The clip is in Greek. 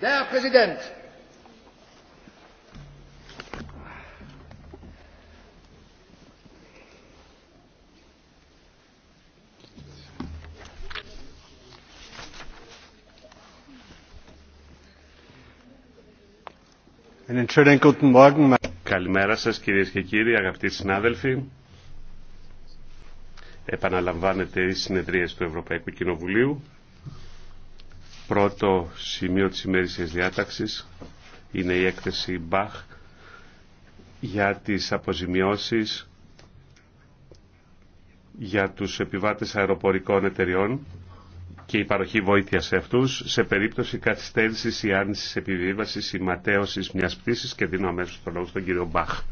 Der Präsident! Καλημέρα σας κυρίες και κύριοι, αγαπητοί συνάδελφοι. Επαναλαμβάνεται οι συνεδρίες του Ευρωπαϊκού Κοινοβουλίου. Πρώτο σημείο της ημέρησης διάταξης είναι η έκθεση Μπαχ για τις αποζημιώσεις για τους επιβάτες αεροπορικών εταιριών και η παροχή βοήθεια σε αυτούς σε περίπτωση καθυστέρησης ή άρνησης επιβίβασης ή ματέωσης μιας πτήσης και δίνω αμέσως το λόγο στον κύριο Μπαχ.